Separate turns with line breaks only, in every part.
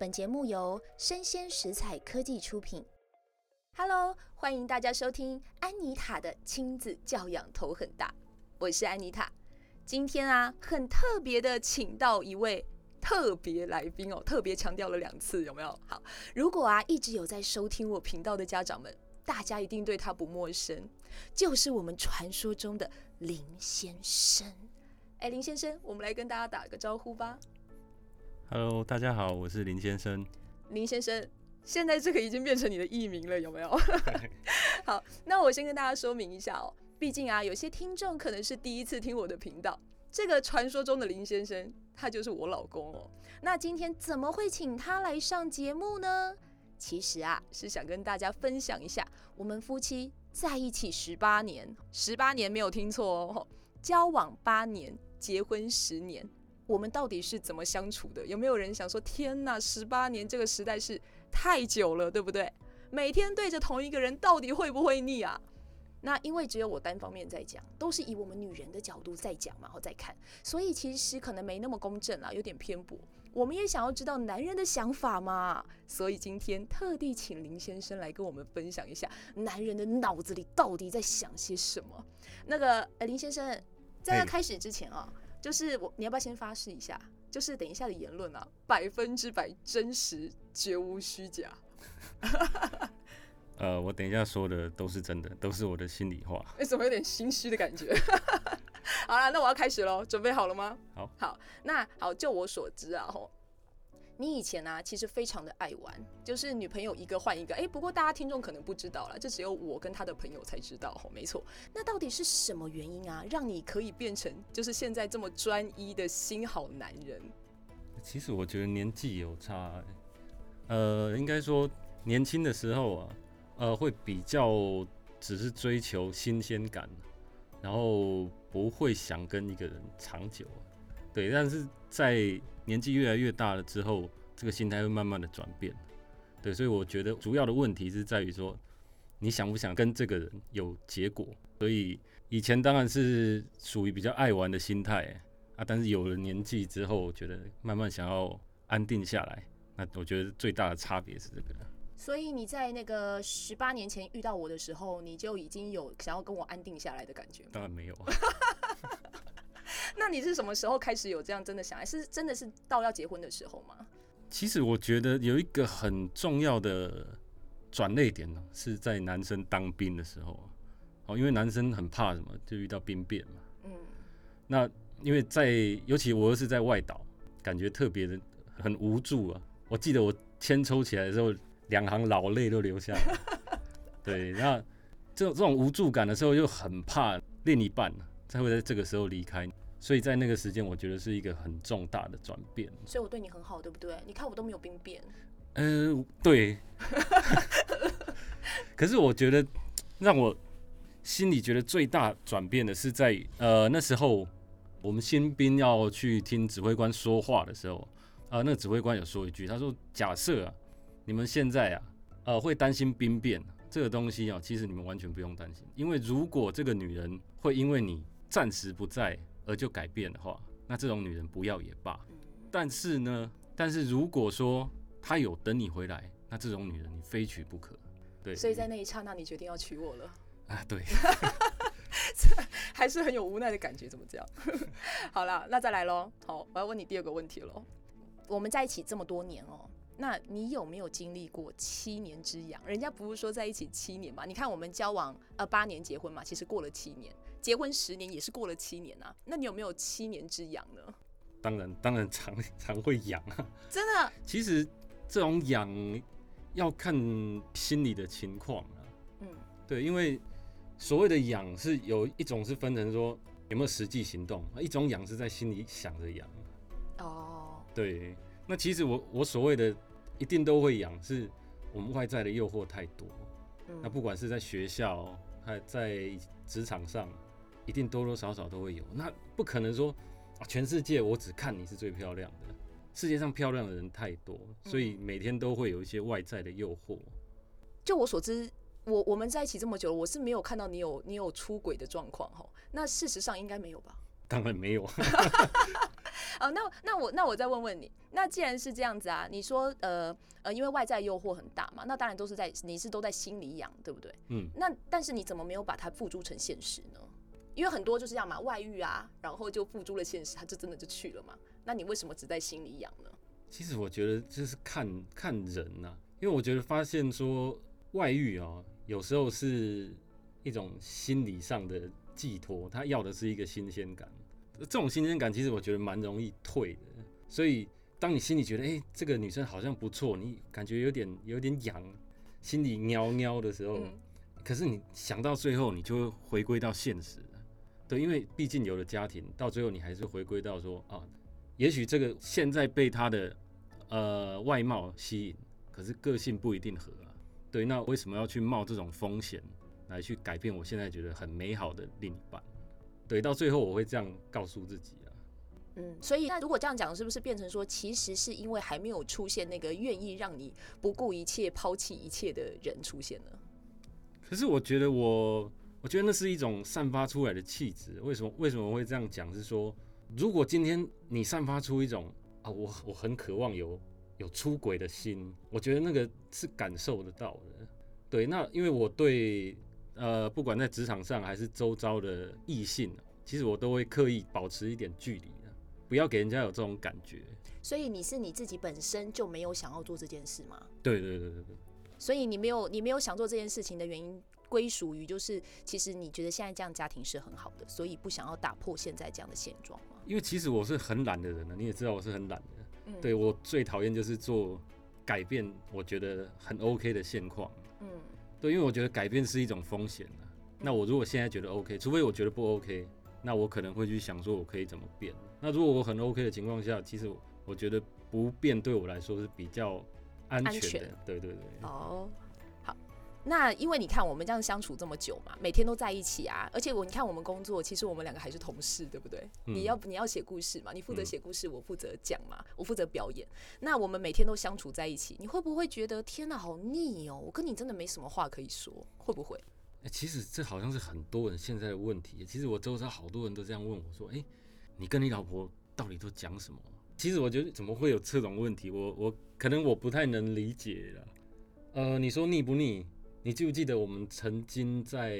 本節目由聲鮮時采科技出品。Hello，歡迎大家收聽安妮塔的親子教養頭很大，我是安妮塔。今天啊，很特別的請到一位特別來賓哦，特別強調了兩次，有沒有？好，如果啊一直有在收聽我頻道的家長們，大家一定對他不陌生，就是我們傳說中的林先生。哎、欸，林先生，我們來跟大家打個招呼吧。
Hello，大家好，我是林先生。
林先生，現在這個已經變成你的藝名了，有沒有？ 好，那我先跟大家說明一下喔，畢竟啊，有些聽眾可能是第一次聽我的頻道。這個傳說中的林先生，他就是我老公喔。那今天怎麼會請他來上節目呢？其實啊，是想跟大家分享一下，我們夫妻在一起十八年，十八年沒有聽錯喔，交往八年，結婚十年。我們到底是怎麼相處的？有沒有人想說，天哪，十八年這個時代是太久了，對不對？每天對着同一個人，到底會不會膩啊？那因為只有我單方面在講，都是以我們女人的角度在講嘛，然後再看，所以其實可能沒那麼公正啊，有點偏頗。我們也想要知道男人的想法嘛，所以今天特地請林先生來跟我們分享一下男人的腦子裡到底在想些什麼。那個、欸、林先生，在他開始之前啊。欸就是我，你要不要先發誓一下？就是等一下的言論啊，百分之百真實，絕無虛假。
呃，我等一下說的都是真的，都是我的心裡話。
欸，怎麼有點心虛的感覺？ 好啦，那我要開始嘍，準備好了嗎？好好，那好，就我所知啊。吼你以前啊，其實非常的愛玩，就是女朋友一個換一個。哎、欸，不過大家聽眾可能不知道啦，就只有我跟他的朋友才知道。哦，沒錯。那到底是什麼原因啊，讓你可以變成就是現在這麼專一的新好男人？
其實我覺得年紀有差，欸，呃，應該說年輕的時候啊，呃，會比較只是追求新鮮感，然後不會想跟一個人長久，啊。對，但是在年紀越來越大了之後，這個心態會慢慢的轉變，對，所以我覺得主要的問題是在於說，你想不想跟這個人有結果？所以以前當然是屬於比較愛玩的心態啊，但是有了年紀之後，我覺得慢慢想要安定下來，那我覺得最大的差別是這個。
所以你在那個十八年前遇到我的時候，你就已經有想要跟我安定下來的感覺嗎？當然沒有 那你是什麼時候開始有這樣真的想愛，還是真的是到要結婚的時候嗎？
其實我覺得有一個很重要的轉捩點呢，是在男生當兵的時候哦，因為男生很怕什麼，就遇到兵變嘛。嗯。那因為在，尤其我又是在外島，感覺特別的很無助啊。我記得我簽抽起來的時候，兩行老淚都流下來。 對，那這種這種無助感的時候，又很怕另一半才、啊、會在這個時候離開。所以在那個時間，我覺得是一個很重大的轉變。
所以我對你很好，對不對？你看我都沒有兵變。
呃，對。 可是我覺得讓我心裡覺得最大轉變的是在呃那時候我們新兵要去聽指揮官說話的時候，啊、呃，那個指揮官有說一句，他說：“假設、啊、你們現在啊，呃，會擔心兵變這個東西啊，其實你們完全不用擔心，因為如果這個女人會因為你暫時不在。”而就改變的話，那這種女人不要也罷，嗯。但是呢，但是如果說她有等你回來，那這種女人你非娶不可。對。所以在
那一剎那，你決定要娶我
了。啊，對。
還是很有無奈的感覺，怎麼講？ 好啦，那再來嘍。好，我要問你第二個問題嘍。我們在一起這麼多年哦、喔，那你有沒有經歷過七年之癢？人家不是說在一起七年嘛？你看我們交往呃八年結婚嘛，其實過了七年。結婚十年也是過了七年啊，那你有沒有七年之癢呢？
當然，當然常常會癢啊！
真的？
其實這種癢要看心理的情況啊。嗯，對，因為所謂的癢是有一種是分成說有沒有實際行動，一種癢是在心裡想着癢。哦。對，那其實我我所謂的一定都會癢，是我們外在的誘惑太多。嗯。那不管是在學校，還在職場上。一定多多少少都會有，那不可能說，啊，全世界我只看你是最漂亮的，世界上漂亮的人太多，所以每天都會有一些外在的誘惑。
就我所知，我我們在一起這麼久了，我是沒有看到你有你有出軌的狀況。那事實上應該沒有吧？
當然沒有 。
啊， 那那我那我再問問你，那既然是這樣子啊，你說呃呃，因為外在誘惑很大嘛，那當然都是在你是都在心裡癢，對不對？嗯。那但是你怎麼沒有把它付諸成現實呢？因為很多就是這樣嘛，外遇啊，然後就付諸了現實，他就真的就去了嘛。那你為什麼只在心裡癢呢？
其實我覺得就是看看人吶、啊，因為我覺得發現說外遇啊，有時候是一種心理上的寄托，他要的是一個新鮮感。這種新鮮感其實我覺得蠻容易退的。所以當你心裡覺得哎、欸，這個女生好像不錯，你感覺有點有點癢，心裡喵喵的時候、嗯，可是你想到最後，你就會回歸到現實。對，因為畢竟有了家庭，到最後你還是回歸到說啊，也許這個現在被他的呃外貌吸引，可是個性不一定合啊。對，那為什麼要去冒這種風險來去改變我現在覺得很美好的另一半？對，到最後我會這樣告訴自己啊。嗯，
所以那如果這樣講，是不是變成說，其實是因為還沒有出現那個願意讓你不顧一切拋棄一切的人出現了？
可是我覺得我。我覺得那是一種散發出來的氣質。為什麼為什麼會這樣講？就是說，如果今天你散發出一種啊，我我很渴望有有出軌的心，我覺得那個是感受得到的。對，那因為我對呃，不管在職場上還是周遭的異性，其實我都會刻意保持一點距離，不要給人家有這種感覺。
所以你是你自己本身就沒有想要做這件事嗎？
對對對對對。
所以你沒有你沒有想做這件事情的原因。歸屬於就是，其實你覺得現在這樣家庭是很好的，所以不想要打破現在這樣的現
狀嗎？因為其實我是很懶的人呢，你也知道我是很懶的。嗯，對，我最討厭就是做改變，我覺得很 OK 的現況，嗯，對，因為我覺得改變是一種風險啊，嗯，那我如果現在覺得 OK，除非我覺得不 OK，那我可能會去想說我可以怎麼變。那如果我很 OK 的情況下，其實我覺得不變對我來說是比較安全的。安全。對對對。哦。
那因為你看我們這樣相處這麼久嘛，每天都在一起啊，而且我你看我們工作，其實我們兩個還是同事，對不對？嗯，你要你要寫故事嘛，你負責寫故事，嗯，我負責講嘛，我負責表演。那我們每天都相處在一起，你會不會覺得天哪，好膩哦？我跟你真的沒什麼話可以說，會不會？
欸，其實這好像是很多人現在的問題。其實我周遭好多人都這樣問我說，欸，你跟你老婆到底都講什麼？其實我覺得怎麼會有這種問題，我我可能我不太能理解了。呃，你說膩不膩？你記不記得我們曾經在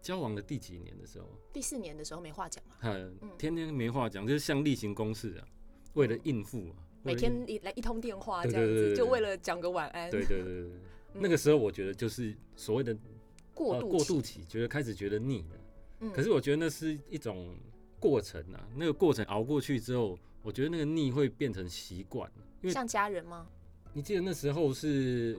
交往的第幾年的時候？
第四年的時候沒話講
了，嗯，天天沒話講，就是像例行公事啊，嗯，為了應付、啊，每天
一來一通電話這樣子，對對對，就為了講個晚安。對對對， 對，對，
對，那個時候我覺得就是所謂的、嗯呃、過渡期，覺得開始覺得膩了、嗯。可是我覺得那是一種過程啊，那個過程熬過去之後，我覺得那個膩會變成習慣，
因為像家人嗎？
你記得那時候是？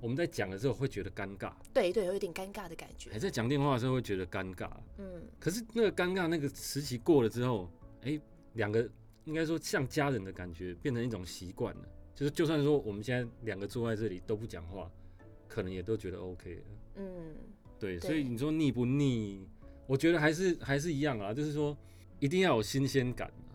我們在講的時候會覺得尷尬，
對對，有一點尷尬的感覺。還
在講電話的時候會覺得尷尬，嗯。可是那個尷尬那個時期過了之後，哎、欸，兩個應該說像家人的感覺變成一種習慣了，就是就算說我們現在兩個坐在這裡都不講話，可能也都覺得 OK 了，嗯，對。所以你說膩不膩？我覺得還是還是一樣啊，就是說一定要有新鮮感啊。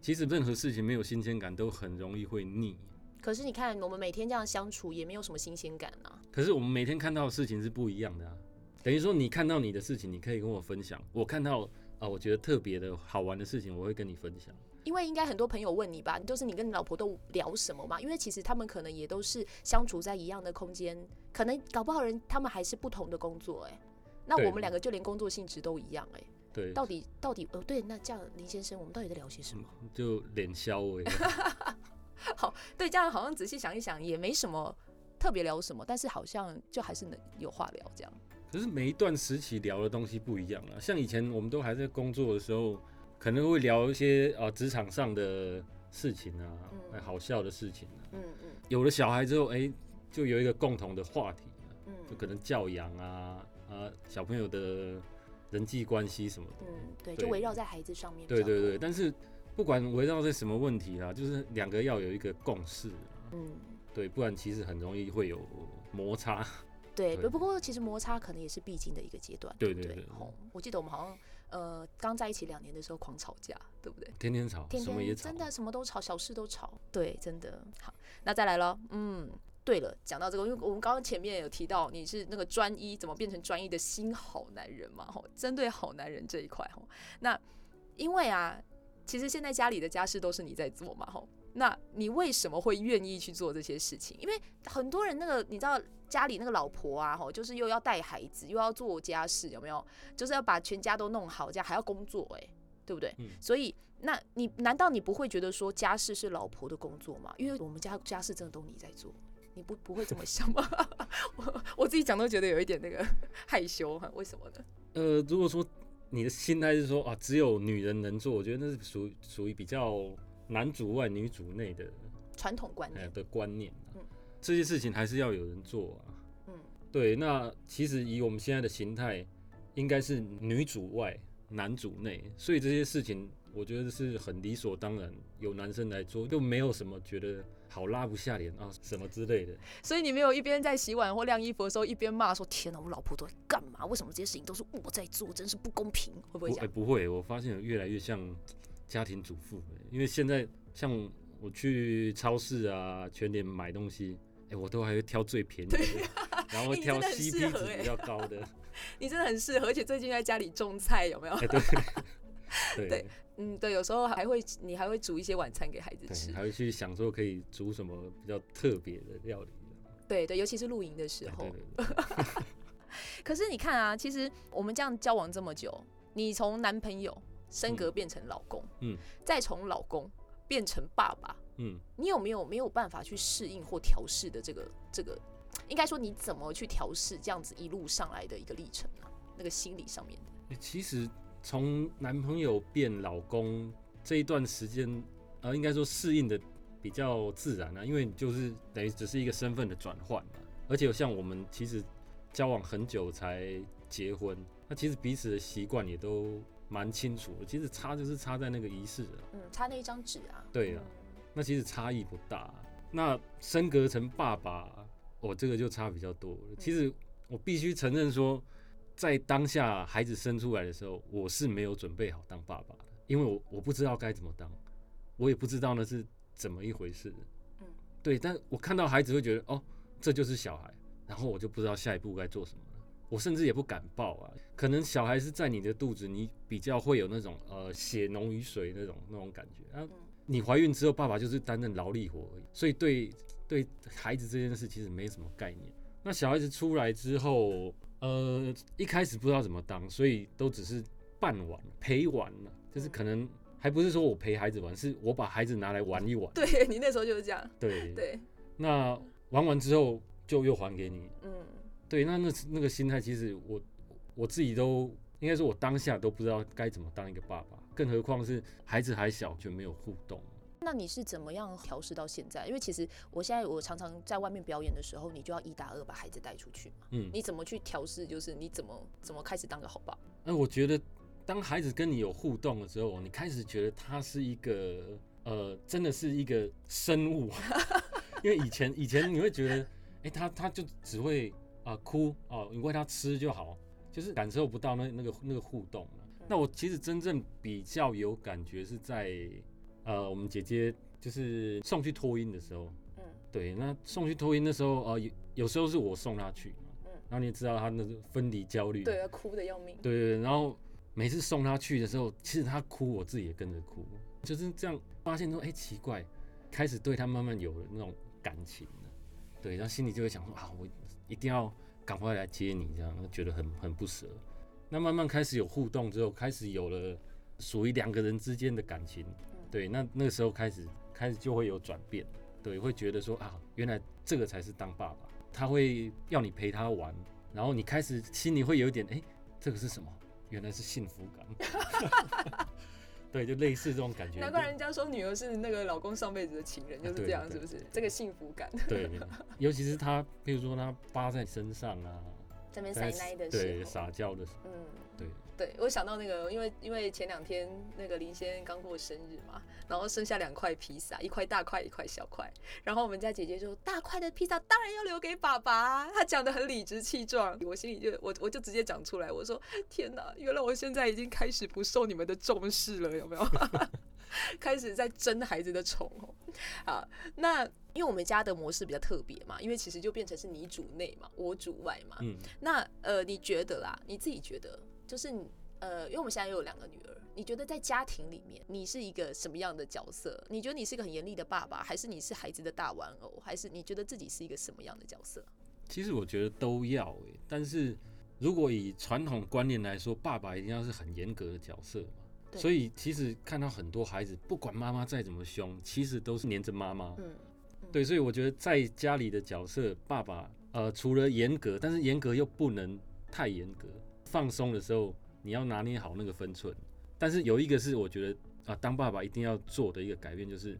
其實任何事情沒有新鮮感都很容易會膩。
可是你看，我們每天這樣相處也沒有什麼新鮮感啊。
可是我們每天看到的事情是不一樣的啊。等於說，你看到你的事情，你可以跟我分享；我看到啊，我覺得特別的好玩的事情，我會跟你分享。
因為應該很多朋友問你吧，就是你跟你老婆都聊什麼嘛？因為其實他們可能也都是相處在一樣的空間，可能搞不好人他們還是不同的工作哎、欸。
那我們兩個
就連工作性質都一樣哎、欸哦。對。到底到底哦對，那這樣，林先生，我們到底在聊
些什麼？就臉笑哎。
好，對，這樣好像仔細想一想也沒什麼特別聊什麼，但是好像就還是能有話聊這樣。
可是每一段時期聊的東西不一樣了，像以前我們都還在工作的時候，可能會聊一些啊呃、職場上的事情啊，嗯、好笑的事情啊。嗯嗯。有了小孩之後，哎、欸，就有一個共同的話題了、嗯，就可能教養啊啊、呃、小朋友的人際關係什麼
的。嗯，對，對就圍繞在孩子上面。對對
對，但是。不管圍繞著什麼問題啊，就是兩個要有一個共識、啊，嗯，對，不然其實很容易會有摩擦。對，對對對對對，不過
其實摩擦可能也是必經的一個階段
對對。對對對、哦，
我記得我們好像呃剛在一起兩年的時候狂吵架，對不對？
天天吵，天天什麼也吵，真
的什麼都吵，小事都吵。對，真的。好，那再來嘍。嗯，對了，講到這個，因為我們剛剛前面有提到你是那個專一，怎麼變成專一的新好男人嘛？哈、哦，針對好男人這一塊，哈、哦，那因為啊。其實現在家裡的家事都是你在做嘛，吼，那你為什麼會願意去做這些事情？因為很多人，那個你知道家裡那個老婆啊，吼，就是又要帶孩子，又要做家事，有沒有？就是要把全家都弄好，這樣還要工作欸，對不對？嗯。所以，那你難道你不會覺得說家事是老婆的工作嗎？因為我們家家事真的都你在做，你不不會這麼想嗎？ 我我自己講都覺得有一點那個害羞哈，為什麼呢？呃，如
果說。你的心態是說啊，只有女人能做，我覺得那是屬於屬於比較男主外女主內的
傳統觀念，哎，的
觀念啊。嗯，這些事情還是要有人做啊。嗯，對，那其實以我們現在的形態，應該是女主外，男主內，所以這些事情我覺得是很理所當然，有男生來做又沒有什麼覺得好拉不下臉啊什麼之類的。
所以你沒有一邊在洗碗或晾衣服的時候一邊罵說：“天哪，我老婆都在幹嘛？為什麼這些事情都是我在做？真是不公平！”會不會講？哎，欸、
不會。我發現越來越像家庭主婦、欸，因為現在像我去超市啊、全聯買東西，哎、欸，我都還會挑最便宜的，啊、然後挑 CP 值比較高的。
你真的很適合，而且最近在家裡種菜，有沒有？欸、對 對，對，嗯，對，有時候還會你還會煮一些晚餐給孩子吃，
還會去想說可以煮什麼比較特別的料理。
對對，尤其是露營的時候。對對
對 對
對對。 可是你看啊，其實我們這樣交往這麼久，你從男朋友升格變成老公，嗯，嗯，再從老公變成爸爸，嗯，你有沒有沒有辦法去適應或調適的這個這個？應該說，你怎麼去調適這樣子一路上來的一個歷程啊？那個心理上面的，
欸、其實從男朋友變老公這一段時間，呃，應該說適應得比較自然啊，因為就是等於只是一個身份的轉換嘛。而且像我們其實交往很久才結婚，那其實彼此的習慣也都蠻清楚的。其實差就是差在那個儀式了，啊，嗯，
差那一張紙啊。對啊，
那其實差異不大，啊。那升格成爸爸，啊。我、哦、這個就差比較多。其實我必須承認說，在當下孩子生出來的時候，我是沒有準備好當爸爸的，因為我我不知道該怎麼當，我也不知道那是怎麼一回事。嗯，對，但我看到孩子會覺得哦，這就是小孩，然後我就不知道下一步該做什麼了。我甚至也不敢抱啊，可能小孩是在你的肚子，你比較會有那種呃血濃於水那種那種感覺。啊，你懷孕之後，爸爸就是擔任勞力活而已，所以對。對孩子這件事其實沒什麼概念。那小孩子出來之後，呃，一開始不知道怎麼當，所以都只是伴玩、陪玩。就是可能還不是說我陪孩子玩，是我把孩子拿來玩一玩。
對你那時候就是這樣。對對。
那玩完之後就又還給你。嗯。對，那那那個心態，其實我我自己都應該說，我當下都不知道該怎麼當一個爸爸，更何況是孩子還小，就沒有互動。
那你是怎麼樣調適到現在？因為其實我現在我常常在外面表演的時候，你就要一打二把孩子帶出去嘛。嗯，你怎麼去調適？就是你怎麼怎麼開始當個好爸？
那、呃、我覺得當孩子跟你有互動的時候，你開始覺得他是一個呃，真的是一個生物。 因為以前以前你會覺得，哎、欸，他他就只會啊、呃、哭哦、呃，你餵他吃就好，就是感受不到那個、那個那個互動了、嗯。那我其實真正比較有感覺是在。呃，我們姐姐就是送去托嬰的時候，嗯，對，那送去托嬰的時候，呃，有有時候是我送她去，嗯，然後你也知道，她的分離焦慮，對，
哭得要命，對，
對對，然後每次送她去的時候，其實她哭，我自己也跟着哭，就是這樣，發現說，哎、欸，奇怪，開始對她慢慢有了那種感情了，對，然後心裡就會想說啊，我一定要趕快來接你，這樣覺得很很不舍，那慢慢開始有互動之後，開始有了屬於兩個人之間的感情。對，那那個時候開始，開始就會有轉變，對，會覺得說啊，原來這個才是當爸爸，他會要你陪他玩，然後你開始心裡會有一點，哎、欸，這個是什麼？原來是幸福感。 對，就類似這種感覺。難 怪
人家說女兒是那個老公上輩子的情人，啊、就是這樣，是不是對對對？這個幸福感。
對，尤其是他，譬如說他扒在你身上啊。在那邊奶的時候，對撒嬌的時候，嗯，對
對，我想到那個，因為因為前兩天那個林先剛過生日嘛，然後剩下兩塊披薩，一塊大塊，一塊小塊，然後我們家姐姐就大塊的披薩當然要留給爸爸，她講得很理直氣壯，我心裡就我我就直接講出來，我說天哪、啊，原來我現在已經開始不受你們的重視了，有沒有？ 開始在爭孩子的寵哦。好，那因為我們家的模式比較特別嘛，因為其實就變成是你主內嘛，我主外嘛。嗯那。那呃，你覺得啦？你自己覺得，就是呃，因為我們現在又有兩個女兒，你覺得在家庭裡面你是一個什麼樣的角色？你覺得你是一個很嚴厲的爸爸，還是你是孩子的大玩偶，還是你覺得自己是一個什麼樣的角色？
其實我覺得都要欸，但是如果以傳統觀念來說，爸爸一定要是很嚴格的角色。所以其實看到很多孩子，不管媽媽再怎麼兇，其實都是黏着媽媽。嗯，對，所以我覺得在家裡的角色，爸爸呃，除了嚴格，但是嚴格又不能太嚴格，放鬆的時候你要拿捏好那個分寸。但是有一個是我覺得啊，當爸爸一定要做的一個改變就是，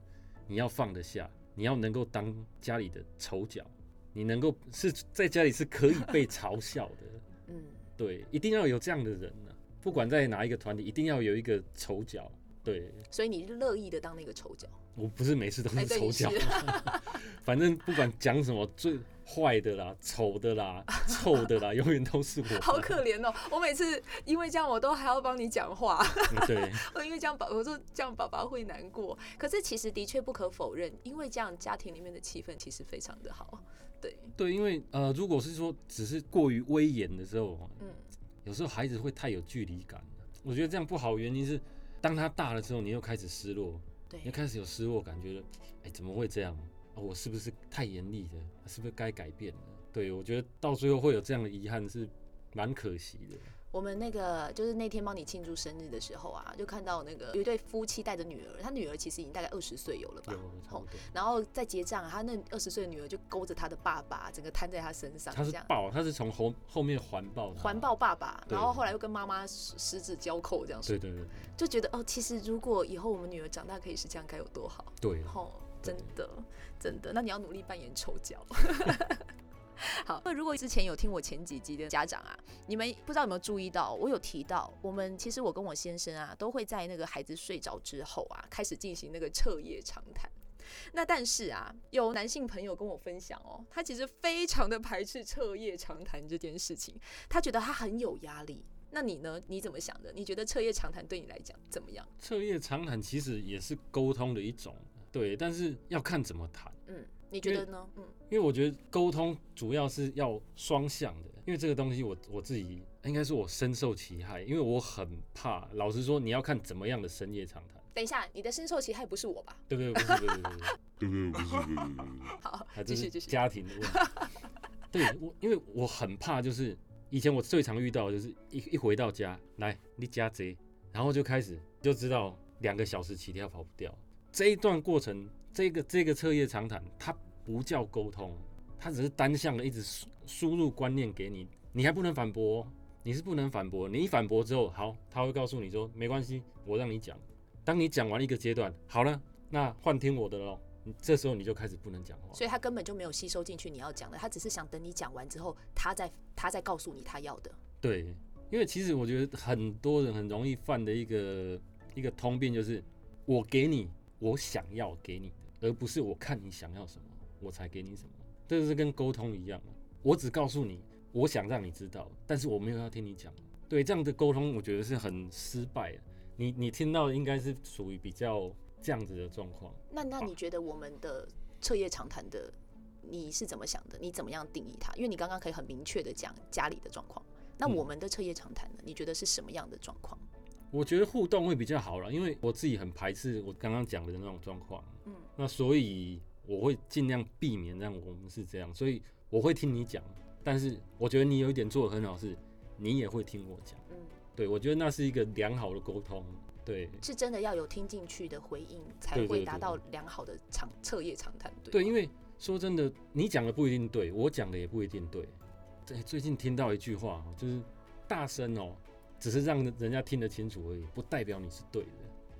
你要放得下，你要能夠當家裡的丑角，你能夠是在家裡是可以被嘲笑的。 嗯，對，一定要有這樣的人啊。不管在哪一個團體，一定要有一個丑角，對。
所以你樂意的當那個丑角？
我不是每次都是丑角， 反正不管講什麼，最壞的啦、醜的啦、 臭的啦，永遠都是我。好可
憐哦！我每次因為，我 我因為這樣，我都還要幫你講話。對，我因為這樣爸我說這樣爸爸會難過。可是其實的確不可否認，因為這樣家庭裡面的氣氛其實非常的好。
對對，因為呃，如果是說只是過於威嚴的時候，嗯。有時候孩子會太有距離感，我覺得這樣不好的原因是，當他大了之後，你又開始失落，對，又開始有失落感，覺得，哎，怎麼會這樣？我是不是太嚴厲了？是不是該改變了？對，我覺得到最後會有這樣的遺憾，是蠻可惜的。我
們那個就是那天幫你慶祝生日的時候啊，就看到那個有一對夫妻帶着女兒，他女兒其實已經大概二十歲有了吧有，然後在結賬，他那二十歲的女兒就勾着他的爸爸，整個癱在他身上這樣，他是
抱，他是從後後面環抱，環
抱爸爸，然後後來又跟媽媽十指交扣這樣子，對對對，就覺得哦、喔，其實如果以後我們女兒長大可以是這樣，該有多好，對，哦，真的真的，真的，那你要努力扮演丑角。 好，那如果之前有聽我前幾集的家長啊，你們不知道有沒有注意到，我有提到，我們其實我跟我先生啊，都會在那個孩子睡着之後啊，開始進行那個徹夜長談。那但是啊，有男性朋友跟我分享哦，他其實非常的排斥徹夜長談這件事情，他覺得他很有壓力。那你呢？你怎麼想的？你覺得徹夜長談對你來講怎麼樣？
徹夜長談其實也是溝通的一種，對，但是要看怎麼談。你覺得呢？嗯，因為我覺得溝通主要是要雙向的，因為這個東西我我自己應該是我深受其害，因為我很怕。老實說，你要看怎麼樣的深夜長談。
等一下，你的深受其害不是我吧？
對對對對對對對 對對對不對對。 好，繼續繼續。家庭的問題 對，我因為我很怕，就是以前我最常遇到的就是一,一回到家來，你家賊，然後就開始就知道兩個小時起跳跑不掉，這一段過程。這個這個徹夜長談，它不叫溝通，它只是單向的一直輸輸入觀念給你，你還不能反駁哦，你是不能反駁，你一反駁之後，好，他會告訴你說沒關係，我讓你講。當你講完一個階段，好了，那換聽我的了，你這時候你就開始不能講話，
所以他根本就沒有吸收進去你要講的，他只是想等你講完之後，他再他再告訴你他要的。
對，因為其實我覺得很多人很容易犯的一個一個通病就是，我給你，我想要給你。而不是我看你想要什麼，我才給你什麼。這是跟溝通一樣。我只告訴你，我想讓你知道，但是我沒有要聽你講。對，這樣的溝通，我覺得是很失敗的。你你聽到的應該是屬於比較這樣子的狀況。
那那你覺得我們的徹夜長談的你是怎麼想的？你怎麼樣定義它？因為你剛剛可以很明確的講家裡的狀況。那我們的徹夜長談呢？你覺得是什麼樣的狀況？
我覺得互動會比較好了，因為我自己很排斥我剛剛講的那種狀況。嗯，那所以我會盡量避免讓我們是這樣，所以我會聽你講，但是我覺得你有一點做得很好，是你也會聽我講。嗯，對，我覺得那是一個良好的溝通。對，
是真的要有聽進去的回應，才會達到良好的長徹夜長談。對，
因為說真的，你講的不一定對，我講的也不一定對。對，最近聽到一句話，就是大聲哦、喔。只是讓人家聽得清楚而已，不代表你是對的。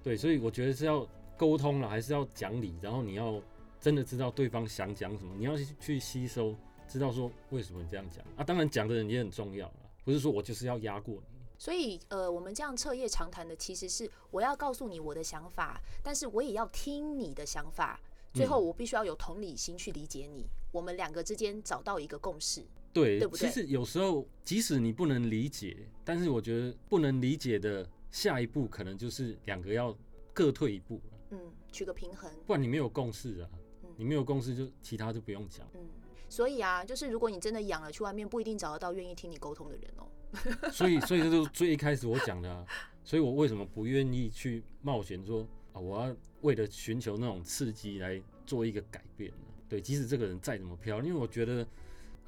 對，所以我覺得是要溝通了，還是要講理，然後你要真的知道對方想講什麼，你要去吸收，知道說為什麼你這樣講啊。當然，講的人也很重要啦，不是說我就是要壓過你。
所以，呃，我們這樣徹夜長談的，其實是我要告訴你我的想法，但是我也要聽你的想法，
最後我
必須要有同理心去理解你，我們兩個之間找到一個共識。
對，對，對，其實有時候即使你不能理解，但是我覺得不能理解的下一步可能就是兩個要各退一步了。
嗯，取個平衡，
不然你沒有共識啊。嗯、你沒有共識，就其他就不用講、嗯。
所以啊，就是如果你真的養了去外面，不一定找得到願意聽你溝通的人哦、喔。
所以，所以就是最一開始我講的、啊，所以我為什麼不願意去冒險說啊，我要為了尋求那種刺激來做一個改變呢？對，即使這個人再怎麼漂，因為我覺得。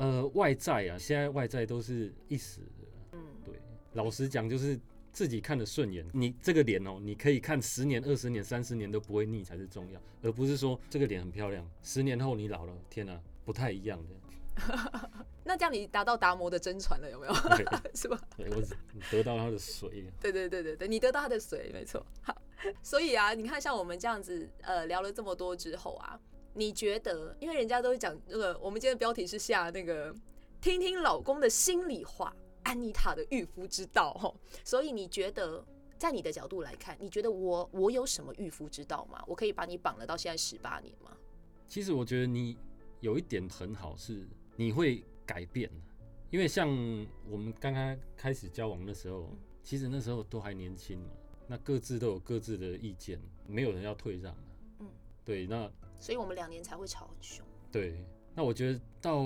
呃，外在啊，現在外在都是一時的，嗯，對，老實講，就是自己看的順眼，你這個臉喔，你可以看十年、二十年、三十年都不會膩才是重要，而不是說這個臉很漂亮，十年後你老了，天啊，不太一樣的。
那這樣你達到達摩的真傳了有沒有？
是吧？對，我只得到他的水。
對對對對對，你得到他的水 沒錯。好，所以啊，你看像我們這樣子，呃，聊了這麼多之後啊。你覺得，因為人家都會講那、這個，我們今天的標題是下那個，聽聽老公的心裡話，安妮塔的馭夫之道，所以你覺得，在你的角度來看，你覺得我我有什麼馭夫之道嗎？我可以把你綁了到現在十八年嗎？
其實我覺得你有一點很好，是你會改變，因為像我們剛剛開始交往的時候，其實那時候都還年輕嘛，那各自都有各自的意見，沒有人要退讓、啊，嗯，對，那。
所以我們兩年才會吵很兇。
對，那我覺得到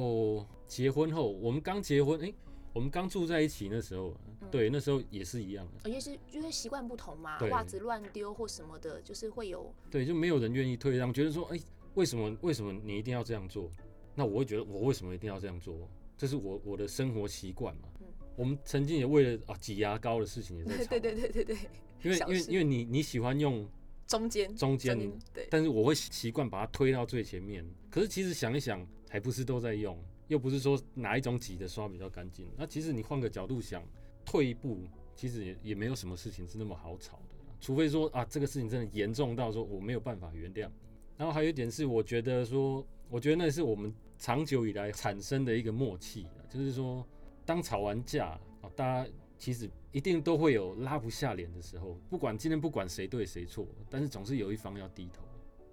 結婚後，我們剛結婚，哎、欸，我們剛住在一起那時候、嗯，對，那時候也是一樣的。
也是因為習慣不同嘛，襪子亂丟或什麼的，就是會有。
對，就沒有人願意退讓，覺得說，哎、欸，為什麼為什麼你一定要這樣做？那我會覺得，我為什麼一定要這樣做？這是我我的生活習慣嘛、嗯。我們曾經也為了啊擠牙膏的事情也在吵。
對對對對對，對，對，
因為因為因為你你喜歡用
中間中間，
但是我會習慣把它推到最前面。可是其實想一想，還不是都在用，又不是說哪一種擠的刷比較乾淨。那其實你換個角度想，退一步，其實也也沒有什麼事情是那麼好吵的。除非說啊，這個事情真的嚴重到說我沒有辦法原諒。然後還有一點是，我覺得說，我覺得那是我們長久以來產生的一個默契，就是說，當吵完架，大家。其實一定都會有拉不下臉的時候，不管今天，不管誰對誰錯，但是總是有一方要低頭。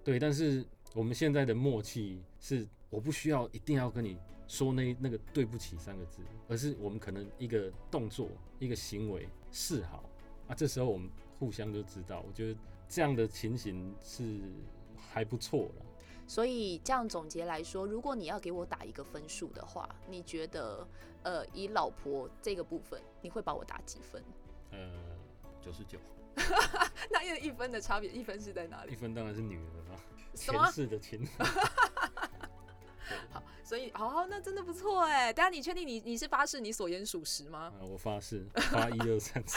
對，但是我們現在的默契是，我不需要一定要跟你說那那個對不起三個字，而是我們可能一個動作、一個行為示好啊。這時候我們互相都知道，我覺得這樣的情形是還不錯啦。
所以這樣總結來說，如果你要給我打一個分數的話，你覺得，呃，以老婆這個部分，你會把我打幾分？
呃，九十九。
那因為一分的差別，一分是在哪裡？一
分當然是女兒啊，前世的親 。
好，所以好、哦，那真的不錯哎。等下你確定你你是發誓你所言屬實嗎、呃？
我發誓，發一二三四。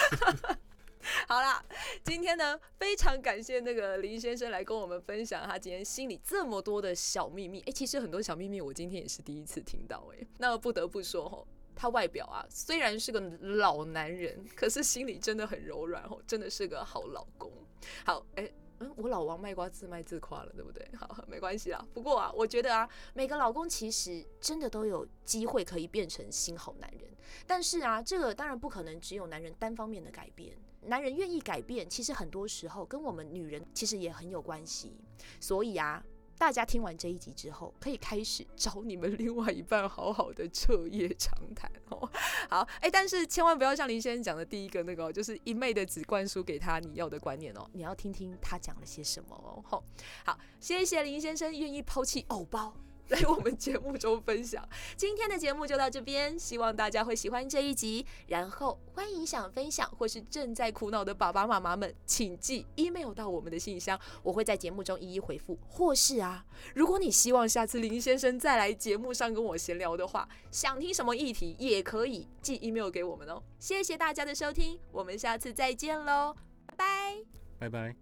好啦，今天呢，非常感謝那個林先生來跟我們分享他今天心裡這麼多的小秘密。哎、欸，其實很多小秘密我今天也是第一次聽到、欸。誒，那不得不說吼，他外表啊雖然是個老男人，可是心裡真的很柔軟，吼，真的是個好老公。好，哎、欸。嗯，我老王賣瓜，自賣自誇了，對不對？好，沒關係啊。不過啊，我覺得啊，每個老公其實真的都有機會可以變成新好男人。但是啊，這個當然不可能只有男人單方面的改變。男人願意改變，其實很多時候跟我們女人其實也很有關係。所以啊。大家聽完這一集之後，可以開始找你們另外一半好好的徹夜長談哦。好，哎、欸，但是千萬不要像林先生講的，第一個那個就是一昧的只灌輸給他你要的觀念哦，你要聽聽他講了些什麼哦，哦。好，謝謝林先生願意拋棄偶包。在我們節目中分享。今天的節目就到這邊，希望大家會喜歡這一集。然後，歡迎想分享或是正在苦惱的爸爸媽媽們，請寄 email 到我們的信箱，我會在節目中一一回復。或是啊，如果你希望下次林先生再來節目上跟我閒聊的話，想聽什麼議題也可以寄 email 給我們哦。謝謝大家的收聽，我們下次再見嘍，拜拜，
拜拜。